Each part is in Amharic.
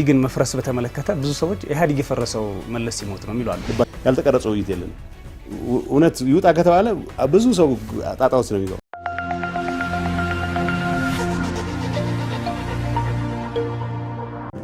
የኢህአዴግን መፍረስ በተመለከተ ብዙ ሰዎች ኢህአዴግ የፈረሰው መለስ ሲሞት ነው የሚሉ አሉ። ያልተቀረጸ ውይይት የለን። እውነት ይውጣ ከተባለ ብዙ ሰው ጣጣ ውስጥ ነው የሚገባው።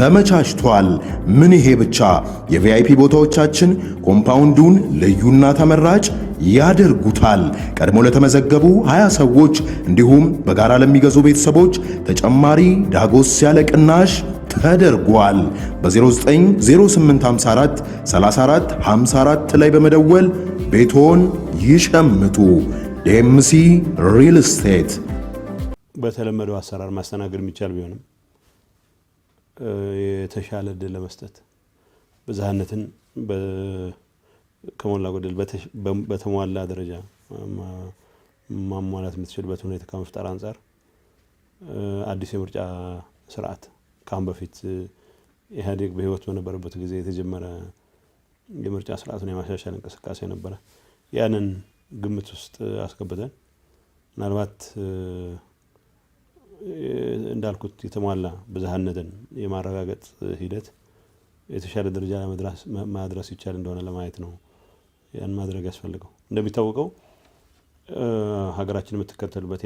ተመቻችቷል። ምን ይሄ ብቻ! የቪአይፒ ቦታዎቻችን ኮምፓውንዱን ልዩና ተመራጭ ያደርጉታል። ቀድሞ ለተመዘገቡ 20 ሰዎች እንዲሁም በጋራ ለሚገዙ ቤተሰቦች ተጨማሪ ዳጎስ ያለ ቅናሽ ተደርጓል። በ0908543454 ላይ በመደወል ቤቶን ይሸምቱ። ዴምሲ ሪል ስቴት በተለመደው አሰራር ማስተናገድ የሚቻል ቢሆንም የተሻለ እድል ለመስጠት ብዝሃነትን ከሞላ ጎደል በተሟላ ደረጃ ማሟላት የምትችልበት ሁኔታ ከመፍጠር አንጻር አዲስ የምርጫ ስርዓት ከአሁን በፊት ኢህአዴግ በህይወት በነበረበት ጊዜ የተጀመረ የምርጫ ስርዓቱን የማሻሻል እንቅስቃሴ ነበረ። ያንን ግምት ውስጥ አስገብተን ምናልባት እንዳልኩት የተሟላ ብዝሃነትን የማረጋገጥ ሂደት የተሻለ ደረጃ ማድረስ ይቻል እንደሆነ ለማየት ነው ያን ማድረግ ያስፈልገው። እንደሚታወቀው ሀገራችን የምትከተልበት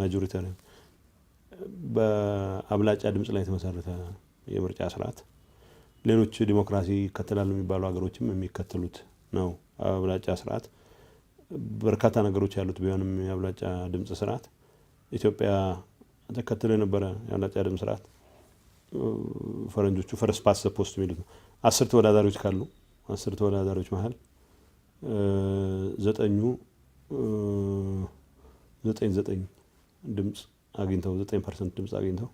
ማጆሪተሪ በአብላጫ ድምፅ ላይ የተመሰረተ የምርጫ ስርዓት ሌሎች ዲሞክራሲ ይከተላሉ የሚባሉ ሀገሮችም የሚከተሉት ነው። አብላጫ ስርዓት በርካታ ነገሮች ያሉት ቢሆንም የአብላጫ ድምፅ ስርዓት ኢትዮጵያ ተከትሎ የነበረ የአብላጫ ድምፅ ስርዓት ፈረንጆቹ ፈረስ ፓስ ፖስት የሚሉት ነው። አስር ተወዳዳሪዎች ካሉ አስር ተወዳዳሪዎች መሀል ዘጠኙ ዘጠኝ ዘጠኝ ድምጽ አግኝተው ዘጠኝ ፐርሰንት ድምጽ አግኝተው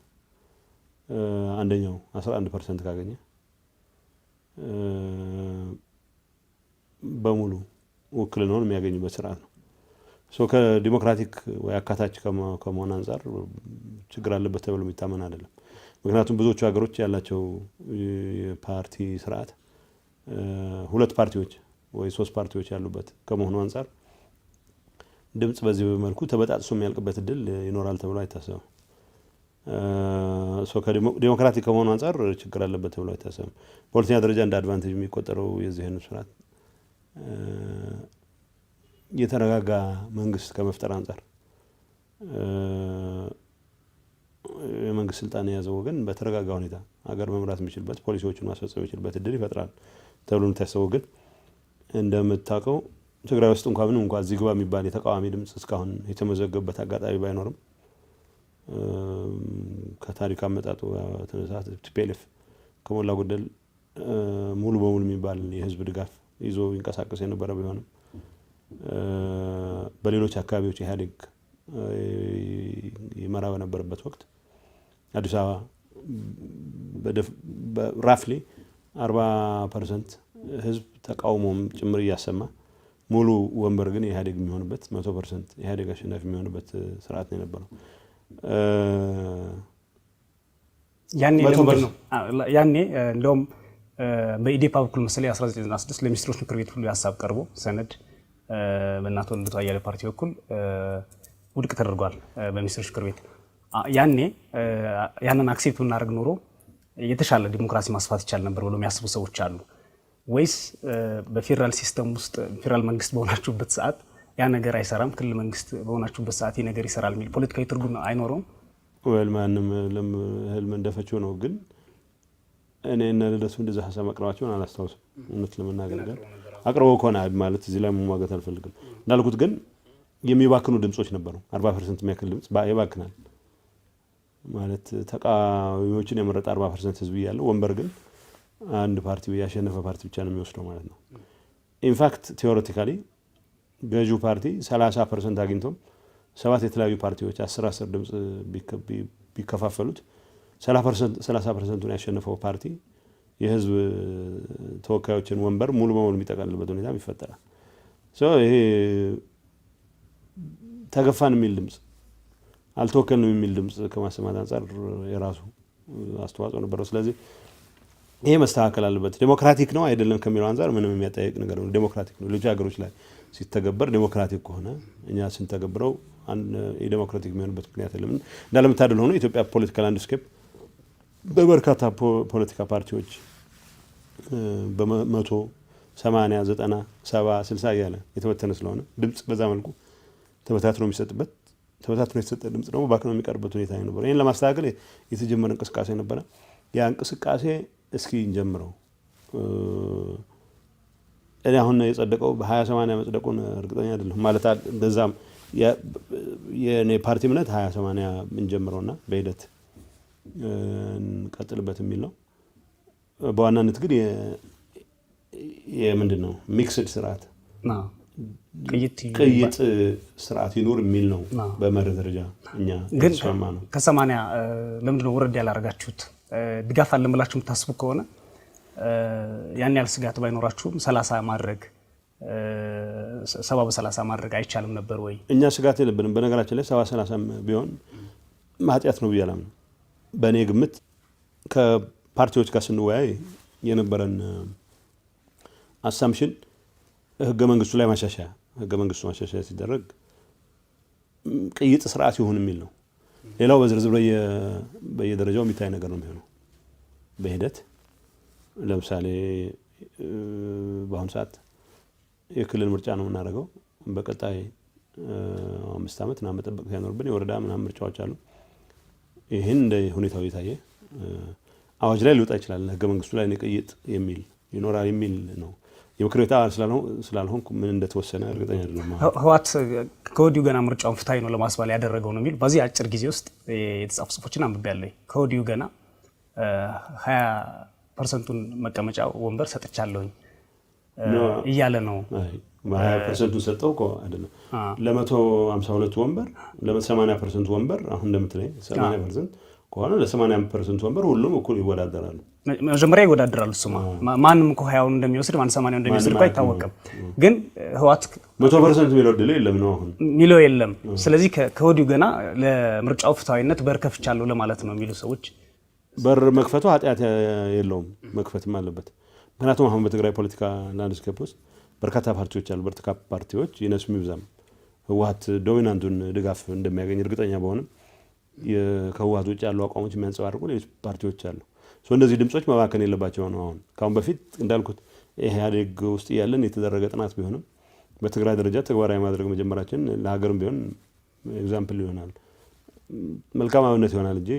አንደኛው አስራ አንድ ፐርሰንት ካገኘ በሙሉ ውክልናውን የሚያገኙበት ስርዓት ነው። ከዲሞክራቲክ ወይ አካታች ከመሆን አንጻር ችግር አለበት ተብሎ የሚታመን አይደለም። ምክንያቱም ብዙዎቹ ሀገሮች ያላቸው የፓርቲ ስርዓት ሁለት ፓርቲዎች ወይ ሶስት ፓርቲዎች ያሉበት ከመሆኑ አንጻር ድምፅ በዚህ መልኩ ተበጣጥሶ የሚያልቅበት እድል ይኖራል ተብሎ አይታሰብም። ዲሞክራቲክ ከመሆኑ አንጻር ችግር አለበት ተብሎ አይታሰብም። በሁለተኛ ደረጃ እንደ አድቫንቴጅ የሚቆጠረው የዚህ አይነት ስርዓት የተረጋጋ መንግስት ከመፍጠር አንጻር የመንግስት ስልጣን የያዘው ወገን በተረጋጋ ሁኔታ ሀገር መምራት የሚችልበት ፖሊሲዎችን ማስፈጸም የሚችልበት እድል ይፈጥራል ተብሎ የምታስበው ግን እንደምታውቀው ትግራይ ውስጥ እንኳ ምንም እንኳ እዚህ ግባ የሚባል የተቃዋሚ ድምፅ እስካሁን የተመዘገበት አጋጣሚ ባይኖርም ከታሪክ አመጣጡ ተነሳት ቲፒኤልኤፍ ከሞላ ጎደል ሙሉ በሙሉ የሚባል የህዝብ ድጋፍ ይዞ ይንቀሳቀስ የነበረ ቢሆንም በሌሎች አካባቢዎች ኢህአዴግ ይመራ በነበረበት ወቅት አዲስ አበባ ራፍሊ አርባ ፐርሰንት ህዝብ ተቃውሞም ጭምር እያሰማ ሙሉ ወንበር ግን ኢህአዴግ የሚሆንበት መቶ ፐርሰንት ኢህአዴግ አሸናፊ የሚሆንበት ስርዓት ነው የነበረው። ያኔ እንደውም በኢዴፓ በኩል መሰለኝ 1996 ለሚኒስትሮች ምክር ቤት ሁሉ ሀሳብ ቀርቦ ሰነድ በእናቶ ልደቱ አያሌው ፓርቲ በኩል ውድቅ ተደርጓል በሚኒስትሮች ምክር ቤት። ያኔ ያንን አክሴፕት ብናደርግ ኖሮ የተሻለ ዲሞክራሲ ማስፋት ይቻል ነበር ብሎ የሚያስቡ ሰዎች አሉ። ወይስ በፌዴራል ሲስተም ውስጥ ፌዴራል መንግስት በሆናችሁበት ሰዓት ያ ነገር አይሰራም፣ ክልል መንግስት በሆናችሁበት ሰዓት ይህ ነገር ይሰራል የሚል ፖለቲካዊ ትርጉም አይኖረውም። ወል ማንም ህልም እንደፈችው ነው። ግን እኔ እነ ልደቱ እንደዛ ሀሳብ አቅርባቸውን አላስታውስም እውነት ለመናገር አቅርቦ ከሆነ ማለት እዚህ ላይ መሟገት አልፈልግም። እንዳልኩት ግን የሚባክኑ ድምጾች ነበሩ። አርባ ፐርሰንት የሚያክል ድምጽ ይባክናል ማለት ተቃዋሚዎችን የመረጠ አርባ ፐርሰንት ህዝብ እያለው ወንበር ግን አንድ ፓርቲ ያሸነፈ ፓርቲ ብቻ ነው የሚወስደው ማለት ነው። ኢንፋክት ቴዎሬቲካሊ ገዢው ፓርቲ ሰላሳ ፐርሰንት አግኝቶም ሰባት የተለያዩ ፓርቲዎች አስር አስር ድምጽ ቢከፋፈሉት ሰላሳ ፐርሰንቱን ያሸነፈው ፓርቲ የህዝብ ተወካዮችን ወንበር ሙሉ በሙሉ የሚጠቀልልበት ሁኔታም ይፈጠራል። ይሄ ተገፋን የሚል ድምፅ፣ አልተወከልንም የሚል ድምጽ ከማሰማት አንጻር የራሱ አስተዋጽኦ ነበረው። ስለዚህ ይሄ መስተካከል አለበት። ዴሞክራቲክ ነው አይደለም ከሚለው አንጻር ምንም የሚያጠያይቅ ነገር ነው። ዴሞክራቲክ ነው። ሌሎች ሀገሮች ላይ ሲተገበር ዴሞክራቲክ ከሆነ እኛ ስንተገብረው የዴሞክራቲክ የሚሆንበት ምክንያት የለም። እንዳለመታደል ሆኖ ኢትዮጵያ ፖለቲካ ላንድስኬፕ በበርካታ ፖለቲካ ፓርቲዎች በመቶ ሰማንያ ዘጠና ሰባ ስልሳ እያለ የተበተነ ስለሆነ ድምፅ በዛ መልኩ ተበታትኖ የሚሰጥበት ተበታትኖ የተሰጠ ድምፅ ደግሞ ባክኖ የሚቀርበት ሁኔታ ነበረ። ይህን ለማስተካከል የተጀመረ እንቅስቃሴ ነበረ። ያ እንቅስቃሴ እስኪ እንጀምረው። እኔ አሁን የጸደቀው በሀያ ሰማንያ መጽደቁን እርግጠኛ አይደለም ማለት እንደዛም የኔ ፓርቲ እምነት ሀያ ሰማንያ እንጀምረውና በሂደት እንቀጥልበት የሚል ነው። በዋናነት ግን የምንድን ነው ሚክስድ ስርዓት ቅይጥ ስርዓት ይኖር የሚል ነው። በመርህ ደረጃ እኛ ግን ከሰማንያ ለምንድን ውረድ ወረድ ያላረጋችሁት? ድጋፍ አለን ብላችሁ የምታስቡ ከሆነ ያን ያህል ስጋት ባይኖራችሁም ሰላሳ ማድረግ ሰባ በሰላሳ ማድረግ አይቻልም ነበር ወይ? እኛ ስጋት የለብንም። በነገራችን ላይ ሰባ ሰላሳ ቢሆን ማጥያት ነው ብያላም በእኔ ግምት ፓርቲዎች ጋር ስንወያይ የነበረን አሳምሽን ህገ መንግስቱ ላይ ማሻሻያ ህገ መንግስቱ ማሻሻያ ሲደረግ ቅይጥ ስርዓት ይሁን የሚል ነው። ሌላው በዝርዝር በየደረጃው የሚታይ ነገር ነው የሚሆነው በሂደት ለምሳሌ በአሁኑ ሰዓት የክልል ምርጫ ነው የምናደርገው። በቀጣይ አምስት ዓመት ምናምን መጠበቅ ሳይኖርብን የወረዳ ምናምን ምርጫዎች አሉ። ይህን እንደ ሁኔታው የታየ አዋጅ ላይ ሊወጣ ይችላል። ህገ መንግስቱ ላይ ንቅይጥ የሚል ይኖራል የሚል ነው። የምክር ቤት አባል ስላልሆንኩ ምን እንደተወሰነ እርግጠኛ አይደለም። ህወሓት ከወዲሁ ገና ምርጫውን ፍትሐዊ ነው ለማስባል ያደረገው ነው የሚል በዚህ አጭር ጊዜ ውስጥ የተጻፉ ጽሁፎችን አንብቤያለሁ። ከወዲሁ ገና ሀያ ፐርሰንቱን መቀመጫ ወንበር ሰጥቻለሁኝ እያለ ነው። ሀያ ፐርሰንቱን ሰጠው እኮ አይደለም ለመቶ ሀምሳ ሁለቱ ወንበር ለመቶ ፐርሰንቱ ወንበር አሁን እንደምትለኝ ሰማንያ ፐርሰንት ከሆነ ለ80 ፐርሰንት ወንበር ሁሉም እኩል ይወዳደራሉ። መጀመሪያ ይወዳደራሉ። ስማ ማንም እኮ ሀያውን እንደሚወስድ ማን ሰማንያውን እንደሚወስድ እኮ አይታወቅም። ግን ህዋት መቶ ፐርሰንት የሚለው ድል የለም ነው አሁን የሚለው የለም። ስለዚህ ከወዲሁ ገና ለምርጫው ፍትሐዊነት በር ከፍቻለሁ ለማለት ነው የሚሉ ሰዎች በር መክፈቱ ኃጢአት የለውም መክፈትም አለበት። ምክንያቱም አሁን በትግራይ ፖለቲካ ላንድስኬፕ ውስጥ በርካታ ፓርቲዎች አሉ። በርካታ ፓርቲዎች ይነሱም ይብዛም ህወሀት ዶሚናንቱን ድጋፍ እንደሚያገኝ እርግጠኛ በሆንም ከህወሓት ውጭ ያሉ አቋሞች የሚያንጸባርቁ ሌሎች ፓርቲዎች አሉ። እነዚህ ድምጾች መባከን የለባቸው ነው። አሁን ከአሁን በፊት እንዳልኩት ኢህአዴግ ውስጥ እያለን የተደረገ ጥናት ቢሆንም በትግራይ ደረጃ ተግባራዊ ማድረግ መጀመራችን ለሀገርም ቢሆን ኤግዛምፕል ይሆናል፣ መልካም አብነት ይሆናል እንጂ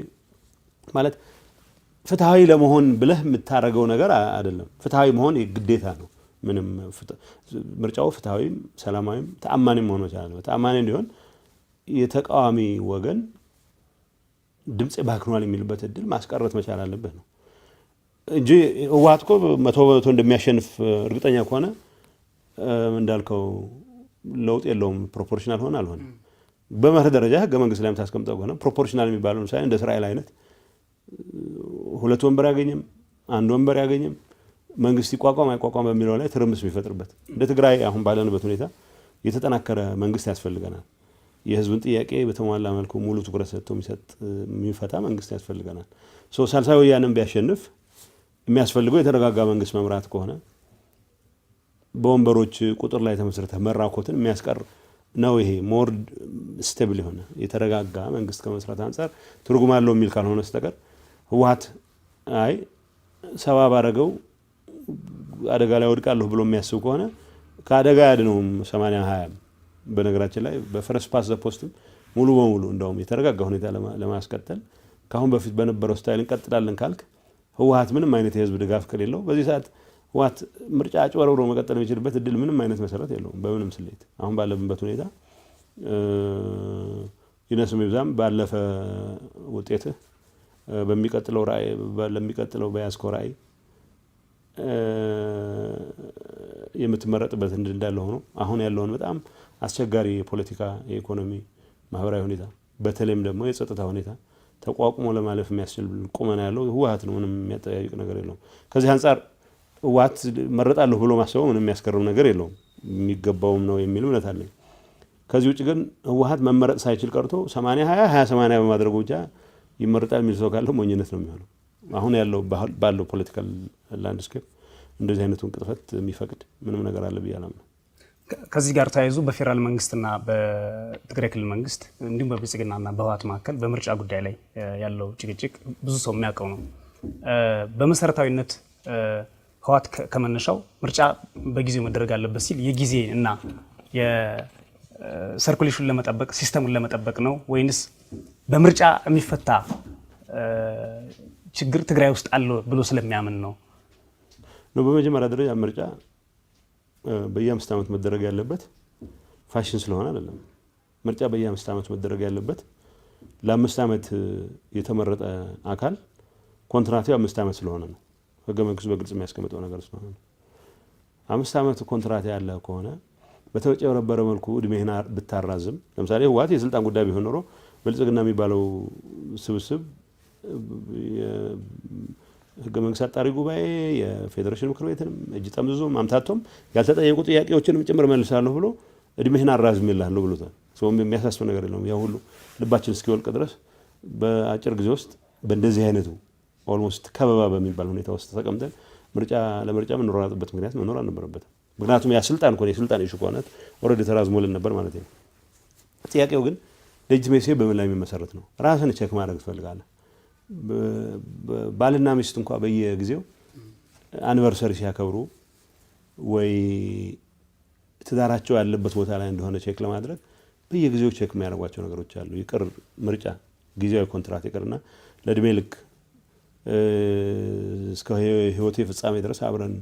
ማለት ፍትሐዊ ለመሆን ብለህ የምታደርገው ነገር አይደለም። ፍትሐዊ መሆን ግዴታ ነው። ምንም ምርጫው ፍትሐዊም፣ ሰላማዊም፣ ተአማኒም መሆን ይችላል። ተአማኒ እንዲሆን የተቃዋሚ ወገን ድምፅ ባክኗል የሚልበት እድል ማስቀረት መቻል አለብህ ነው እንጂ ህወሓት እኮ መቶ በመቶ እንደሚያሸንፍ እርግጠኛ ከሆነ እንዳልከው ለውጥ የለውም። ፕሮፖርሽናል ሆነ አልሆነ በመርህ ደረጃ ህገ መንግስት ላይ የምታስቀምጠው ከሆነ ፕሮፖርሽናል የሚባለው ምሳሌ እንደ እስራኤል አይነት ሁለት ወንበር ያገኝም አንድ ወንበር ያገኝም መንግስት ይቋቋም አይቋቋም በሚለው ላይ ትርምስ የሚፈጥርበት እንደ ትግራይ አሁን ባለንበት ሁኔታ የተጠናከረ መንግስት ያስፈልገናል። የህዝብን ጥያቄ በተሟላ መልኩ ሙሉ ትኩረት ሰጥቶ የሚሰጥ የሚፈታ መንግስት ያስፈልገናል። ሳልሳይ ወያነን ቢያሸንፍ የሚያስፈልገው የተረጋጋ መንግስት መምራት ከሆነ በወንበሮች ቁጥር ላይ ተመስረተ መራኮትን የሚያስቀር ነው። ይሄ ሞር ስቴብል የሆነ የተረጋጋ መንግስት ከመስራት አንጻር ትርጉም አለው የሚል ካልሆነ በስተቀር ህወሀት አይ ሰባ ባረገው አደጋ ላይ ወድቃለሁ ብሎ የሚያስብ ከሆነ ከአደጋ ያድነውም ሰማንያ ሀያም በነገራችን ላይ በፈረስ ፓስ ዘፖስትም ሙሉ በሙሉ እንደውም የተረጋጋ ሁኔታ ለማስቀጠል ከአሁን በፊት በነበረው ስታይል እንቀጥላለን ካልክ ህወሀት ምንም አይነት የህዝብ ድጋፍ ከሌለው በዚህ ሰዓት ህወሀት ምርጫ አጭበረብሮ መቀጠል የሚችልበት እድል ምንም አይነት መሰረት የለውም። በምንም ስሌት አሁን ባለብንበት ሁኔታ ይነስም ይብዛም ባለፈ ውጤትህ በሚቀጥለው ለሚቀጥለው በያዝከው ራእይ የምትመረጥበት እንዳለ ሆኖ አሁን ያለውን በጣም አስቸጋሪ የፖለቲካ፣ የኢኮኖሚ፣ ማህበራዊ ሁኔታ በተለይም ደግሞ የጸጥታ ሁኔታ ተቋቁሞ ለማለፍ የሚያስችል ቁመና ያለው ህወሀት ነው። ምንም የሚያጠያይቅ ነገር የለውም። ከዚህ አንጻር ህወሀት መረጣለሁ ብሎ ማስበው ምንም የሚያስገርም ነገር የለውም። የሚገባውም ነው የሚል እምነት አለኝ። ከዚህ ውጭ ግን ህወሀት መመረጥ ሳይችል ቀርቶ ሰማንያ ሀያ ሀያ ሰማንያ በማድረጉ ብቻ ይመረጣል የሚል ሰው ካለ ሞኝነት ነው የሚሆነው። አሁን ያለው ባለው ፖለቲካል ላንድስኬፕ እንደዚህ አይነቱን ቅጥፈት የሚፈቅድ ምንም ነገር አለ ብዬ አላምነው። ከዚህ ጋር ተያይዞ በፌዴራል መንግስትና በትግራይ ክልል መንግስት እንዲሁም በብልጽግናና በህወሓት መካከል በምርጫ ጉዳይ ላይ ያለው ጭቅጭቅ ብዙ ሰው የሚያውቀው ነው። በመሰረታዊነት ህወሓት ከመነሻው ምርጫ በጊዜው መደረግ አለበት ሲል የጊዜ እና የሰርኩሌሽን ለመጠበቅ ሲስተሙን ለመጠበቅ ነው ወይንስ በምርጫ የሚፈታ ችግር ትግራይ ውስጥ አለ ብሎ ስለሚያምን ነው? ነው። በመጀመሪያ ደረጃ ምርጫ በየአምስት ዓመት መደረግ ያለበት ፋሽን ስለሆነ አይደለም። ምርጫ በየአምስት ዓመት መደረግ ያለበት ለአምስት ዓመት የተመረጠ አካል ኮንትራቴው አምስት ዓመት ስለሆነ ነው። ህገ መንግስቱ በግልጽ የሚያስቀምጠው ነገር ስለሆነ ነው። አምስት ዓመት ኮንትራቴ ያለ ከሆነ በተጨበረበረ መልኩ እድሜህን ብታራዝም፣ ለምሳሌ ህወሓት የስልጣን ጉዳይ ቢሆን ኖሮ ብልጽግና የሚባለው ስብስብ ህገ መንግስት አጣሪ ጉባኤ የፌዴሬሽን ምክር ቤትንም እጅ ጠምዝዞ ማምታቶም ያልተጠየቁ ጥያቄዎችንም ጭምር መልሳለሁ ብሎ እድሜህን አራዝምልሃለሁ ብሎታል። ሰውም የሚያሳስብ ነገር የለውም። ያ ሁሉ ልባችን እስኪወልቅ ድረስ በአጭር ጊዜ ውስጥ በእንደዚህ አይነቱ ኦልሞስት ከበባ በሚባል ሁኔታ ውስጥ ተቀምጠን ምርጫ ለምርጫ የምንሯሯጥበት ምክንያት መኖር አልነበረበትም። ምክንያቱም ያ ስልጣን የስልጣን ሹ ከሆነት ኦልሬዲ ተራዝሞልን ነበር ማለት ነው። ጥያቄው ግን ሌጂትሜሲ በምን ላይ የሚመሰረት ነው? ራስን ቼክ ማድረግ ትፈልጋለህ። ባልና ሚስት እንኳ በየጊዜው አኒቨርሰሪ ሲያከብሩ ወይ ትዳራቸው ያለበት ቦታ ላይ እንደሆነ ቼክ ለማድረግ በየጊዜው ቼክ የሚያደርጓቸው ነገሮች አሉ። ይቅር ምርጫ፣ ጊዜያዊ ኮንትራት ይቅርና ለእድሜ ልክ እስከ ህይወቴ ፍጻሜ ድረስ አብረን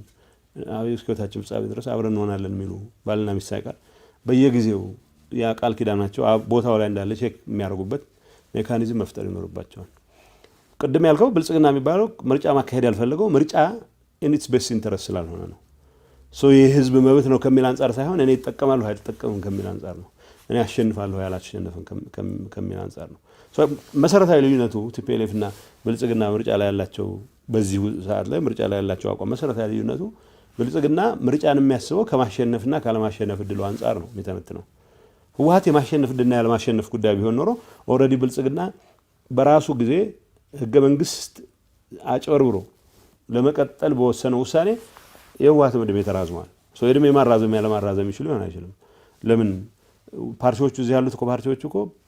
እስከ ህይወታችን ፍጻሜ ድረስ አብረን እንሆናለን የሚሉ ባልና ሚስት ሳይቀር በየጊዜው ያ ቃል ኪዳናቸው ቦታው ላይ እንዳለ ቼክ የሚያደርጉበት ሜካኒዝም መፍጠር ይኖርባቸዋል። ቅድም ያልከው ብልጽግና የሚባለው ምርጫ ማካሄድ ያልፈለገው ምርጫ ኢንትስ ቤስ ኢንተረስ ስላልሆነ ነው። የህዝብ መብት ነው ከሚል አንጻር ሳይሆን እኔ ይጠቀማለሁ አይጠቀምም ከሚል አንጻር ነው። እኔ አሸንፋለሁ ያላሸንፍም ከሚል አንጻር ነው። መሰረታዊ ልዩነቱ ቲፒኤልኤፍ እና ብልጽግና ምርጫ ላይ ያላቸው በዚህ ሰዓት ላይ ምርጫ ላይ ያላቸው አቋም መሰረታዊ ልዩነቱ ብልጽግና ምርጫን የሚያስበው ከማሸነፍና ካለማሸነፍ እድሉ አንጻር ነው ነው። ህወሀት የማሸነፍ እድልና ያለማሸነፍ ጉዳይ ቢሆን ኖሮ ኦልሬዲ ብልጽግና በራሱ ጊዜ ህገ መንግስት አጭበርብሮ ለመቀጠል በወሰነው ውሳኔ የህወሓት ዕድሜ ተራዝሟል። የዕድሜ ማራዘሚያ ለማራዘም ይችሉ ይሆን አይችልም? ለምን ፓርቲዎቹ እዚህ ያሉት እኮ ፓርቲዎች እኮ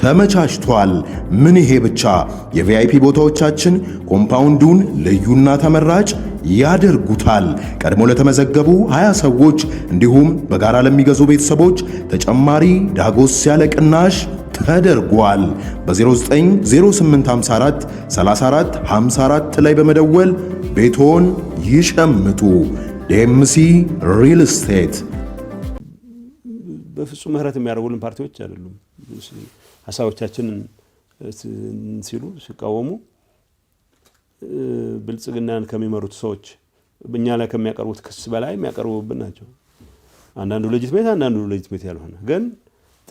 ተመቻችቷል። ምን ይሄ ብቻ! የቪአይፒ ቦታዎቻችን ኮምፓውንዱን ልዩና ተመራጭ ያደርጉታል። ቀድሞ ለተመዘገቡ 20 ሰዎች እንዲሁም በጋራ ለሚገዙ ቤተሰቦች ተጨማሪ ዳጎስ ያለ ቅናሽ ተደርጓል። በ0908543454 34 54 ላይ በመደወል ቤቶን ይሸምቱ። ዴምሲ ሪል ስቴት በፍጹም ምህረት የሚያደርጉልን ፓርቲዎች አይደሉም። ሀሳቦቻችንን ሲሉ ሲቃወሙ ብልጽግናን ከሚመሩት ሰዎች እኛ ላይ ከሚያቀርቡት ክስ በላይ የሚያቀርቡብን ናቸው። አንዳንዱ ቤት አንዳንዱ ቤት ያልሆነ ግን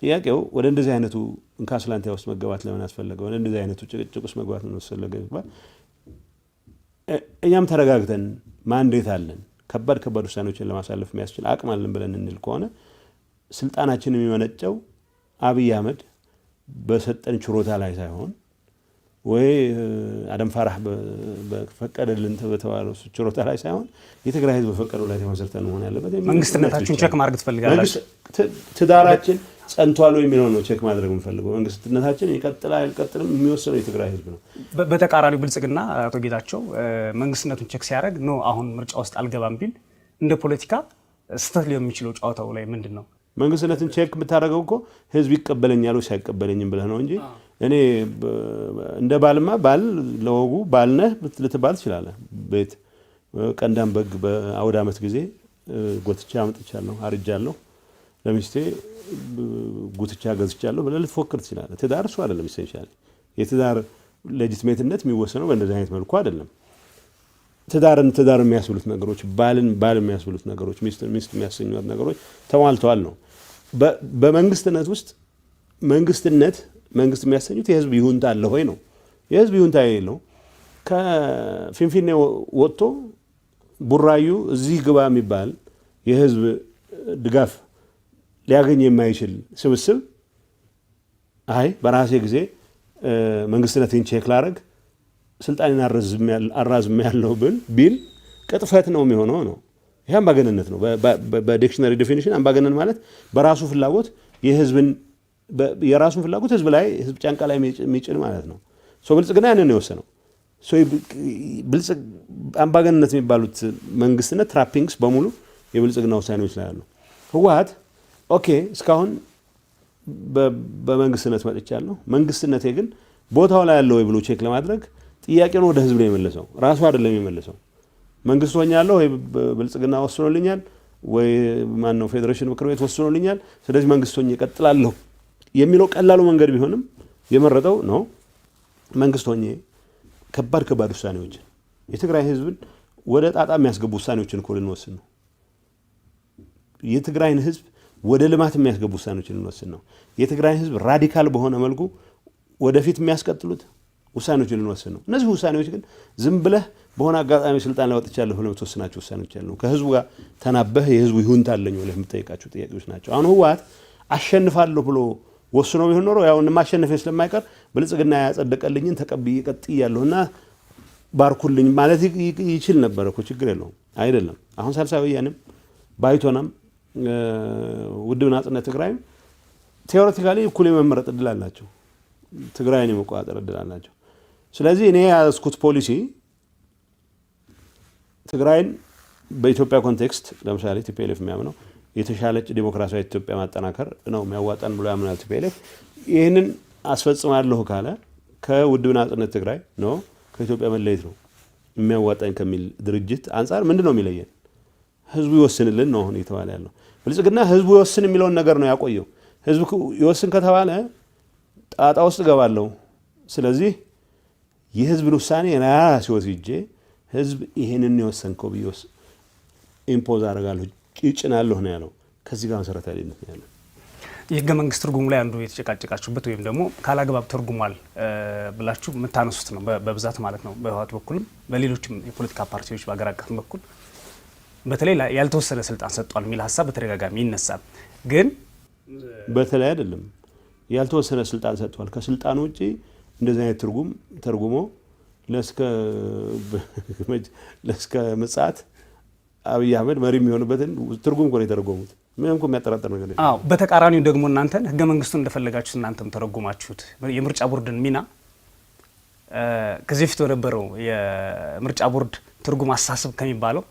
ጥያቄው ወደ እንደዚህ አይነቱ እንካ ስላንቲያ ውስጥ መገባት ለምን አስፈለገ? ወደ እንደዚህ አይነቱ ጭቅጭቅ ውስጥ መግባት ለምን አስፈለገ? እኛም ተረጋግተን ማንዴት አለን ከባድ ከባድ ውሳኔዎችን ለማሳለፍ የሚያስችል አቅም አለን ብለን እንል ከሆነ ስልጣናችን የሚመነጨው አብይ አህመድ በሰጠን ችሮታ ላይ ሳይሆን ወይ አደም ፋራህ በፈቀደልን በተባለው ችሮታ ላይ ሳይሆን የትግራይ ህዝብ በፈቀደው ላይ ተመሰርተ መሆን ያለበት። መንግስትነታችን ቸክ ማድረግ ትፈልጋላችሁ? ትዳራችን ጸንቷል የሚለው ነው ቸክ ማድረግ የምፈልገው። መንግስትነታችን ይቀጥላል አይቀጥልም የሚወስነው የትግራይ ህዝብ ነው። በተቃራኒው ብልጽግና አቶ ጌታቸው መንግስትነቱን ቸክ ሲያደርግ ኖ አሁን ምርጫ ውስጥ አልገባም ቢል እንደ ፖለቲካ ስህተት ሊሆን የሚችለው ጨዋታው ላይ ምንድን ነው? መንግስትነትን ቼክ የምታደርገው እኮ ህዝብ ይቀበለኛል ወይስ አይቀበለኝም ብለህ ነው እንጂ እኔ እንደ ባልማ ባል ለወጉ ባልነህ ልትባል ትችላለህ። ቤት ቀንዳም በግ በአውድ ዓመት ጊዜ ጎትቻ አምጥቻለሁ፣ አርጃለሁ፣ ለሚስቴ ጉትቻ ገዝቻለሁ ብለህ ልትፎክር ትችላለህ። ትዳር እሱ አይደለም። ኢሴንሻሊ የትዳር ሌጂትሜትነት የሚወሰነው በእንደዚህ አይነት መልኩ አይደለም። ትዳርን ትዳር የሚያስብሉት ነገሮች፣ ባልን ባል የሚያስብሉት ነገሮች፣ ሚስትን ሚስት የሚያሰኙት ነገሮች ተሟልተዋል ነው። በመንግስትነት ውስጥ መንግስትነት መንግስት የሚያሰኙት የህዝብ ይሁንታ አለ ሆይ ነው። የህዝብ ይሁንታ የሌለው ከፊንፊኔ ወጥቶ ቡራዩ እዚህ ግባ የሚባል የህዝብ ድጋፍ ሊያገኝ የማይችል ስብስብ አይ በራሴ ጊዜ መንግስትነትን ቼክ ላረግ ስልጣኔን አራዝም ያለው ብል ቢል ቅጥፈት ነው የሚሆነው ነው። ይህ አምባገነንነት ነው። በዲክሽነሪ ዴፊኒሽን አምባገነን ማለት በራሱ ፍላጎት የህዝብን የራሱን ፍላጎት ህዝብ ላይ ህዝብ ጫንቃ ላይ የሚጭን ማለት ነው። ብልጽግና ያንን ነው የወሰነው። አምባገነንነት የሚባሉት መንግስትነት ትራፒንግስ በሙሉ የብልጽግና ውሳኔዎች ላይ አሉ። ህወሀት ኦኬ፣ እስካሁን በመንግስትነት መጥቻለሁ። መንግስትነቴ ግን ቦታው ላይ ያለው ወይ ብሎ ቼክ ለማድረግ ጥያቄ ነው ወደ ህዝብ ነው የመለሰው፣ ራሱ አይደለም የመለሰው። መንግስት ሆኛለሁ ወይ ብልጽግና ወስኖልኛል ወይ ማን ነው ፌዴሬሽን ምክር ቤት ወስኖልኛል፣ ስለዚህ መንግስት ሆኜ እቀጥላለሁ የሚለው ቀላሉ መንገድ ቢሆንም የመረጠው ነው መንግስት ሆኜ ከባድ ከባድ ውሳኔዎችን የትግራይ ህዝብን ወደ ጣጣ የሚያስገቡ ውሳኔዎችን እኮ ልንወስን ነው። የትግራይን ህዝብ ወደ ልማት የሚያስገቡ ውሳኔዎችን ልንወስን ነው። የትግራይን ህዝብ ራዲካል በሆነ መልኩ ወደፊት የሚያስቀጥሉት ውሳኔዎች ልንወስን ነው። እነዚህ ውሳኔዎች ግን ዝም ብለህ በሆነ አጋጣሚ ስልጣን ላይ ወጥቻለሁ ብለህ የምትወስናቸው ውሳኔዎች ያሉ ከህዝቡ ጋር ተናበህ የህዝቡ ይሁንታ አለኝ ብለህ የምጠይቃቸው ጥያቄዎች ናቸው። አሁን ህወሓት አሸንፋለሁ ብሎ ወስኖ ቢሆን ኖሮ ያው ስለማይቀር ብልጽግና ያጸደቀልኝን ተቀብዬ ቀጥያለሁና ባርኩልኝ ማለት ይችል ነበረ እኮ ችግር የለውም አይደለም። አሁን ሳልሳይ ወያኔም ባይቶናም ውድብ ናጽነት ትግራይም ቴዎሬቲካሊ እኩል የመመረጥ እድል አላቸው። ትግራይን የመቆጣጠር እድል አላቸው። ስለዚህ እኔ የያዝኩት ፖሊሲ ትግራይን በኢትዮጵያ ኮንቴክስት ለምሳሌ ቲፒኤልኤፍ የሚያምነው የተሻለች ዲሞክራሲያዊ ኢትዮጵያ ማጠናከር ነው የሚያዋጣን ብሎ ያምናል ቲፒኤልኤፍ። ይህንን አስፈጽማለሁ ካለ ከውድብ ናጽነት ትግራይ ነው ከኢትዮጵያ መለየት ነው የሚያዋጣኝ ከሚል ድርጅት አንጻር ምንድን ነው የሚለየን? ህዝቡ ይወስንልን ነው አሁን እየተባለ ያለው። ብልጽግና ህዝቡ ይወስን የሚለውን ነገር ነው ያቆየው። ህዝቡ ይወስን ከተባለ ጣጣ ውስጥ እገባለሁ። ስለዚህ የህዝብን ውሳኔ ራሴ ወስጄ ህዝብ ይህንን የወሰንከው ብዬ ኢምፖዝ አደርጋለሁ ይጭናለሁ ነው ያለው። ከዚህ ጋር መሰረታዊ ልዩነት ነው ያለው። የህገ መንግስት ትርጉሙ ላይ አንዱ የተጨቃጨቃችሁበት ወይም ደግሞ ካላግባብ ተርጉሟል ብላችሁ የምታነሱት ነው በብዛት ማለት ነው። በህወሓት በኩልም በሌሎችም የፖለቲካ ፓርቲዎች በሀገር አቀፍ በኩል በተለይ ያልተወሰነ ስልጣን ሰጥቷል የሚል ሀሳብ በተደጋጋሚ ይነሳል። ግን በተለይ አይደለም ያልተወሰነ ስልጣን ሰጥቷል ከስልጣን ውጭ እንደዚህ አይነት ትርጉም ተርጉሞ ለእስከ ምጽአት አብይ አህመድ መሪ የሚሆንበትን ትርጉም ነው የተረጎሙት። ምንም የሚያጠራጠር ነገር አዎ፣ በተቃራኒው ደግሞ እናንተን ህገ መንግስቱን እንደፈለጋችሁት እናንተም ተረጎማችሁት። የምርጫ ቦርድን ሚና ከዚህ በፊት በነበረው የምርጫ ቦርድ ትርጉም አሳስብ ከሚባለው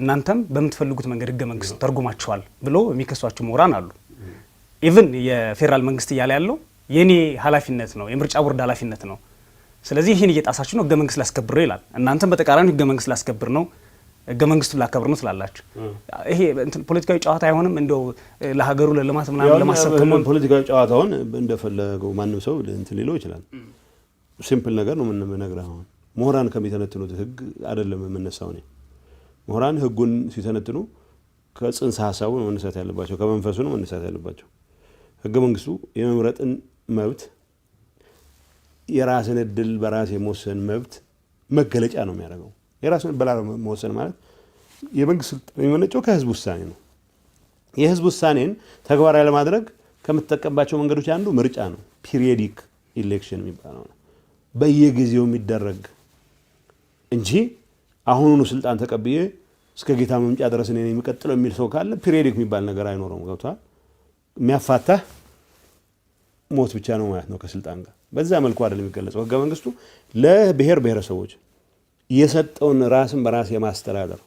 እናንተም በምትፈልጉት መንገድ ህገ መንግስት ተርጉማችኋል ብሎ የሚከሷችሁ ምሁራን አሉ። ኢቭን የፌዴራል መንግስት እያለ ያለው የኔ ኃላፊነት ነው፣ የምርጫ ቦርድ ኃላፊነት ነው። ስለዚህ ይህን እየጣሳችሁ ነው፣ ህገ መንግስት ላስከብር ይላል። እናንተም በተቃራኒ ህገ መንግስት ላስከብር ነው ህገ መንግስቱን ላከብር ነው ስላላችሁ ይሄ ፖለቲካዊ ጨዋታ አይሆንም። እንደው ለሀገሩ ለልማት ምናምን ለማሰብ ፖለቲካዊ ጨዋታውን እንደፈለገው ማንም ሰው እንትን ሊለው ይችላል። ሲምፕል ነገር ነው የምንነግርህ። አሁን ምሁራን ከሚተነትኑት ህግ አይደለም የምነሳው እኔ። ምሁራን ህጉን ሲተነትኑ ከጽንሰ ሀሳቡ ነው መነሳት ያለባቸው፣ ከመንፈሱ ነው መነሳት ያለባቸው። ህገ መንግስቱ የመምረጥን መብት የራስን እድል በራስ የመወሰን መብት መገለጫ ነው የሚያደርገው። የራስን በላ መወሰን ማለት የመንግስት ስልጣን የሚመነጨው ከህዝብ ውሳኔ ነው። የህዝብ ውሳኔን ተግባራዊ ለማድረግ ከምትጠቀምባቸው መንገዶች አንዱ ምርጫ ነው። ፒሪዮዲክ ኢሌክሽን የሚባለው ነው። በየጊዜው የሚደረግ እንጂ አሁኑኑ ስልጣን ተቀብዬ እስከ ጌታ መምጫ ድረስ እኔ የሚቀጥለው የሚል ሰው ካለ ፒሪዮዲክ የሚባል ነገር አይኖረውም። ገብቷል? የሚያፋታህ ሞት ብቻ ነው ማለት ነው ከስልጣን ጋር። በዛ መልኩ አይደለም የሚገለጸው ህገ መንግስቱ ለብሔር ብሔረሰቦች የሰጠውን ራስን በራስ የማስተዳደር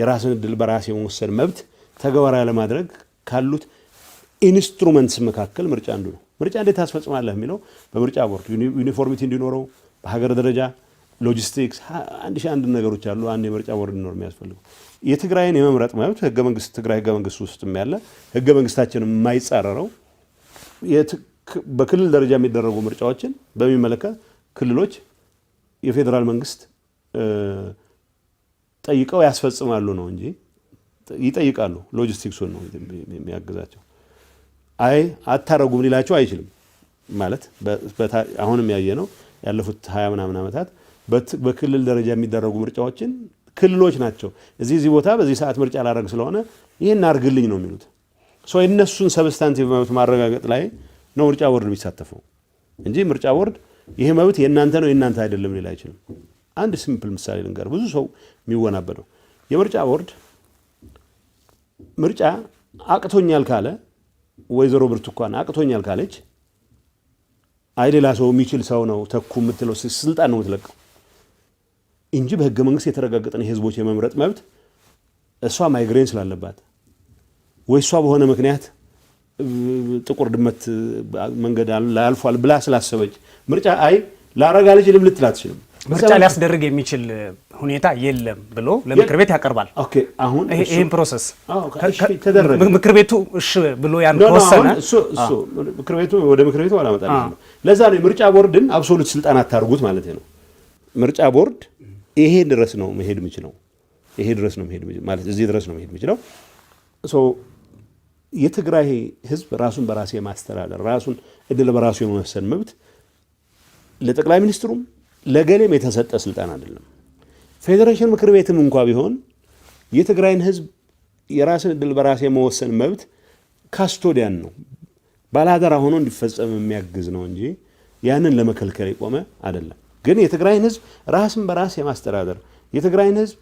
የራስን እድል በራስ የመወሰድ መብት ተግባራዊ ለማድረግ ካሉት ኢንስትሩመንትስ መካከል ምርጫ አንዱ ነው። ምርጫ እንዴት ታስፈጽማለህ የሚለው በምርጫ ቦርድ ዩኒፎርሚቲ እንዲኖረው በሀገር ደረጃ ሎጂስቲክስ፣ አንድ ሺህ አንድ ነገሮች አሉ። አንድ የምርጫ ቦርድ እንዲኖር የሚያስፈልገው የትግራይን የመምረጥ መብት ህገ መንግስት ትግራይ ህገ መንግስት ውስጥም ያለ ህገ መንግስታችን የማይጻረረው በክልል ደረጃ የሚደረጉ ምርጫዎችን በሚመለከት ክልሎች የፌዴራል መንግስት ጠይቀው ያስፈጽማሉ ነው እንጂ ይጠይቃሉ። ሎጂስቲክሱን ነው የሚያግዛቸው። አይ አታረጉም ሊላቸው አይችልም። ማለት አሁንም ያየ ነው ያለፉት ሀያ ምናምን ዓመታት በክልል ደረጃ የሚደረጉ ምርጫዎችን ክልሎች ናቸው እዚህ እዚህ ቦታ በዚህ ሰዓት ምርጫ ላደረግ ስለሆነ ይህን አድርግልኝ ነው የሚሉት። የእነሱን ሰብስታንቲቭ መብት ማረጋገጥ ላይ ነው ምርጫ ቦርድ የሚሳተፈው እንጂ ምርጫ ቦርድ ይሄ መብት የእናንተ ነው የእናንተ አይደለም ሌላ አይችልም። አንድ ሲምፕል ምሳሌ ልንገር፣ ብዙ ሰው የሚወናበደው የምርጫ ቦርድ ምርጫ አቅቶኛል ካለ ወይዘሮ ብርቱካን አቅቶኛል ካለች አይ ሌላ ሰው የሚችል ሰው ነው ተኩ የምትለው ስልጣን ነው የምትለቀው እንጂ በህገ መንግስት የተረጋገጠን የህዝቦች የመምረጥ መብት እሷ ማይግሬን ስላለባት ወይ እሷ በሆነ ምክንያት ጥቁር ድመት መንገድ ላያልፏል ብላ ስላሰበች ምርጫ አይ ለአረጋ ልጅ ልምልት ላትችልም ምርጫ ሊያስደርግ የሚችል ሁኔታ የለም ብሎ ለምክር ቤት ያቀርባል። አሁን ይህን ፕሮሰስ ምክር ቤቱ እሺ ብሎ ያን ከወሰነ ምክር ቤቱ ወደ ምክር ቤቱ አላመጣ። ለዛ ነው የምርጫ ቦርድን አብሶሉት ስልጣን አታርጉት ማለት ነው። ምርጫ ቦርድ ይሄ ድረስ ነው መሄድ የሚችለው፣ ይሄ ድረስ ነው መሄድ ማለት እዚህ ድረስ ነው መሄድ የሚችለው የትግራይ ህዝብ ራሱን በራሴ የማስተዳደር ራሱን እድል በራሱ የመወሰን መብት ለጠቅላይ ሚኒስትሩም ለገሌም የተሰጠ ስልጣን አይደለም። ፌዴሬሽን ምክር ቤትም እንኳ ቢሆን የትግራይን ህዝብ የራስን እድል በራስ የመወሰን መብት ካስቶዲያን ነው፣ ባለአደራ ሆኖ እንዲፈጸም የሚያግዝ ነው እንጂ ያንን ለመከልከል የቆመ አይደለም። ግን የትግራይን ህዝብ ራስን በራስ የማስተዳደር የትግራይን ህዝብ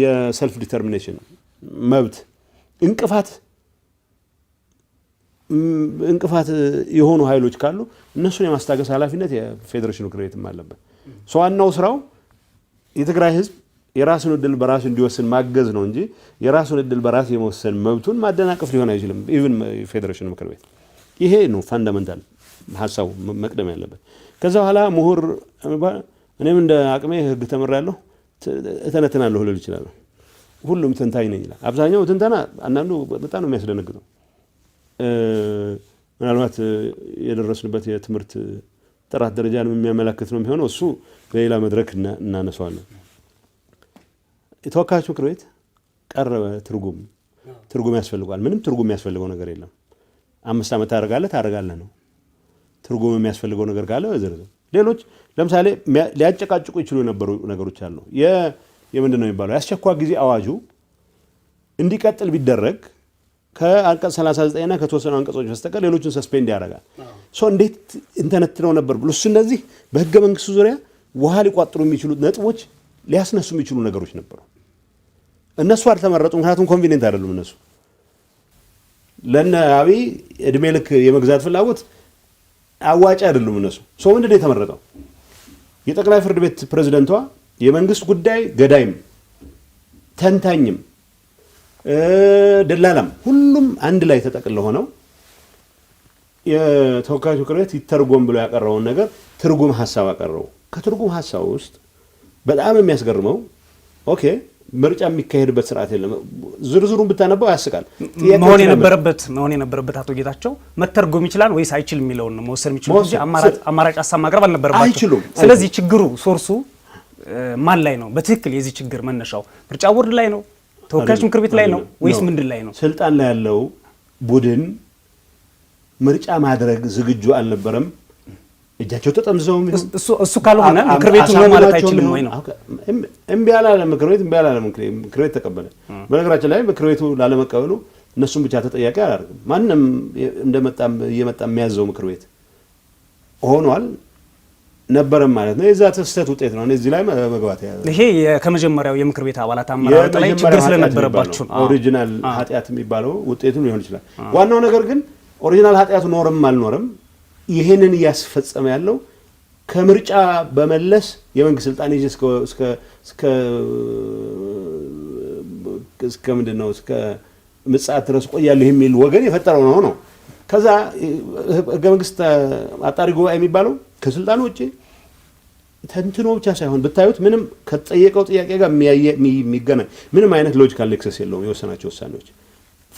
የሰልፍ ዲተርሚኔሽን መብት እንቅፋት እንቅፋት የሆኑ ኃይሎች ካሉ እነሱን የማስታገስ ኃላፊነት የፌዴሬሽኑ ምክር ቤትም አለበት። ዋናው ስራው የትግራይ ህዝብ የራሱን እድል በራሱ እንዲወስን ማገዝ ነው እንጂ የራሱን እድል በራሱ የመወሰን መብቱን ማደናቀፍ ሊሆን አይችልም። ኢቭን የፌዴሬሽኑ ምክር ቤት ይሄ ነው ፋንዳመንታል ሀሳቡ መቅደም ያለበት። ከዛ በኋላ ምሁር እኔም እንደ አቅሜ ህግ ተምሬያለሁ። እተነትናለሁ ልል እችላለሁ። ሁሉም ትንታኝ ነኝ ይላል። አብዛኛው ትንተና አንዳንዱ በጣም ነው የሚያስደነግጠው። ምናልባት የደረስንበት የትምህርት ጥራት ደረጃ የሚያመላክት ነው የሚሆነው። እሱ በሌላ መድረክ እናነሳዋለን። የተወካዮች ምክር ቤት ቀረበ። ትርጉም ትርጉም ያስፈልጓል። ምንም ትርጉም የሚያስፈልገው ነገር የለም። አምስት ዓመት ታደርጋለህ ታደርጋለህ ነው። ትርጉም የሚያስፈልገው ነገር ካለ ዝርዝር ሌሎች ለምሳሌ ሊያጨቃጭቁ ይችሉ የነበሩ ነገሮች አሉ። የምንድን ነው የሚባለው የአስቸኳይ ጊዜ አዋጁ እንዲቀጥል ቢደረግ ከአንቀጽ 39 እና ከተወሰኑ አንቀጾች በስተቀር ሌሎችን ሰስፔንድ ያደርጋል። እንዴት እንተነትነው ነበር ብሎ እሱ እነዚህ በህገ መንግስቱ ዙሪያ ውሃ ሊቋጥሩ የሚችሉ ነጥቦች ሊያስነሱ የሚችሉ ነገሮች ነበሩ። እነሱ አልተመረጡ፣ ምክንያቱም ኮንቪኒንት አይደሉም። እነሱ ለነ አብይ እድሜ ልክ የመግዛት ፍላጎት አዋጭ አይደሉም እነሱ። ሰው ምንድን የተመረጠው? የጠቅላይ ፍርድ ቤት ፕሬዚደንቷ የመንግስት ጉዳይ ገዳይም፣ ተንታኝም፣ ደላላም ሁሉም አንድ ላይ ተጠቅለው ሆነው የተወካዮች ምክር ቤት ይተርጎም ብሎ ያቀረበውን ነገር ትርጉም ሀሳብ አቀረቡ። ከትርጉም ሀሳብ ውስጥ በጣም የሚያስገርመው ኦኬ ምርጫ የሚካሄድበት ስርዓት የለም። ዝርዝሩን ብታነባው ያስቃል። መሆን የነበረበት መሆን የነበረበት አቶ ጌታቸው መተርጎም ይችላል ወይስ አይችል የሚለውን ነው መወሰን የሚችሉ አማራጭ ሀሳብ ማቅረብ አልነበረባቸው። ስለዚህ ችግሩ ሶርሱ ማን ላይ ነው? በትክክል የዚህ ችግር መነሻው ምርጫ ቦርድ ላይ ነው? ተወካዮች ምክር ቤት ላይ ነው ወይስ ምንድን ላይ ነው? ስልጣን ላይ ያለው ቡድን ምርጫ ማድረግ ዝግጁ አልነበረም። እጃቸው ተጠምዘውም እሱ ካልሆነ ምክር ቤቱ ነው ማለት አይችልም ወይ ነው? እምቢ አላለ ምክር ቤት እምቢ አላለ ምክር ቤት ተቀበለ። በነገራችን ላይ ምክር ቤቱ ላለመቀበሉ እነሱም ብቻ ተጠያቂ አላደርግም። ማንም እንደመጣ እየመጣ የሚያዘው ምክር ቤት ሆኗል ነበረም ማለት ነው። የዛ ስህተት ውጤት ነው። እዚህ ላይ መግባት ያ ይሄ ከመጀመሪያው የምክር ቤት አባላት አመራረጥ ላይ ችግር ስለነበረባችሁ ኦሪጂናል ኃጢአት የሚባለው ውጤቱ ሊሆን ይችላል። ዋናው ነገር ግን ኦሪጂናል ኃጢአቱ ኖርም አልኖርም ይህንን እያስፈጸመ ያለው ከምርጫ በመለስ የመንግስት ስልጣን ይዤ እስከ ምንድን ነው እስከ ምጽአት ድረስ ቆያለሁ የሚል ወገን የፈጠረው ነው ነው። ከዛ ህገ መንግስት አጣሪ ጉባኤ የሚባለው ከስልጣን ውጭ ተንትኖ ብቻ ሳይሆን ብታዩት ምንም ከተጠየቀው ጥያቄ ጋር የሚገናኝ ምንም አይነት ሎጂካል ኔክሰስ የለውም የወሰናቸው ውሳኔዎች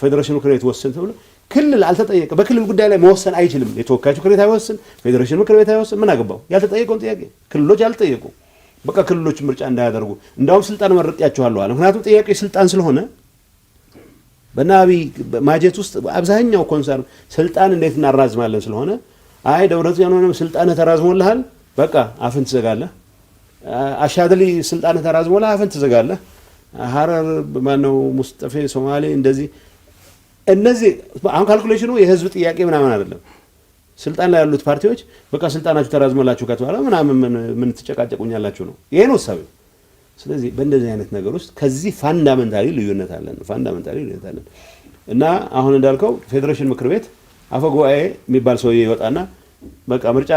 ፌዴሬሽን ክሬት ወሰን ተብሎ ክልል አልተጠየቀ በክልል ጉዳይ ላይ መወሰን አይችልም። የተወካዮች ምክር ቤት አይወስን፣ ፌዴሬሽን ምክር ቤት አይወስን። ምን አገባው? ያልተጠየቀውን ጥያቄ ክልሎች አልተጠየቁ። በቃ ክልሎች ምርጫ እንዳያደርጉ እንዳውም ስልጣን መርጫቸዋለሁ አለ። ምክንያቱም ጥያቄ ስልጣን ስለሆነ በናቢ ማጀት ውስጥ አብዛኛው ኮንሰርን ስልጣን እንዴት እናራዝማለን ስለሆነ አይ ደብረጽዮን ያንሆነም ስልጣንህ ተራዝሞልሃል፣ በቃ አፍን ትዘጋለህ። አሻድሊ ስልጣንህ ተራዝሞልሃል፣ አፍን ትዘጋለህ። ሀረር ማነው ሙስጠፌ ሶማሌ እንደዚህ እነዚህ አሁን ካልኩሌሽኑ የህዝብ ጥያቄ ምናምን አይደለም። ስልጣን ላይ ያሉት ፓርቲዎች በቃ ስልጣናችሁ ተራዝመላችሁ ከተባለ ምናምን ምን ትጨቃጨቁኛላችሁ ነው። ይሄ ነው እሳቤው። ስለዚህ በእንደዚህ አይነት ነገር ውስጥ ከዚህ ፋንዳመንታሊ ልዩነት አለን፣ ፋንዳመንታሊ ልዩነት አለን እና አሁን እንዳልከው ፌዴሬሽን ምክር ቤት አፈጉባኤ የሚባል ሰውዬ ይወጣና በቃ ምርጫ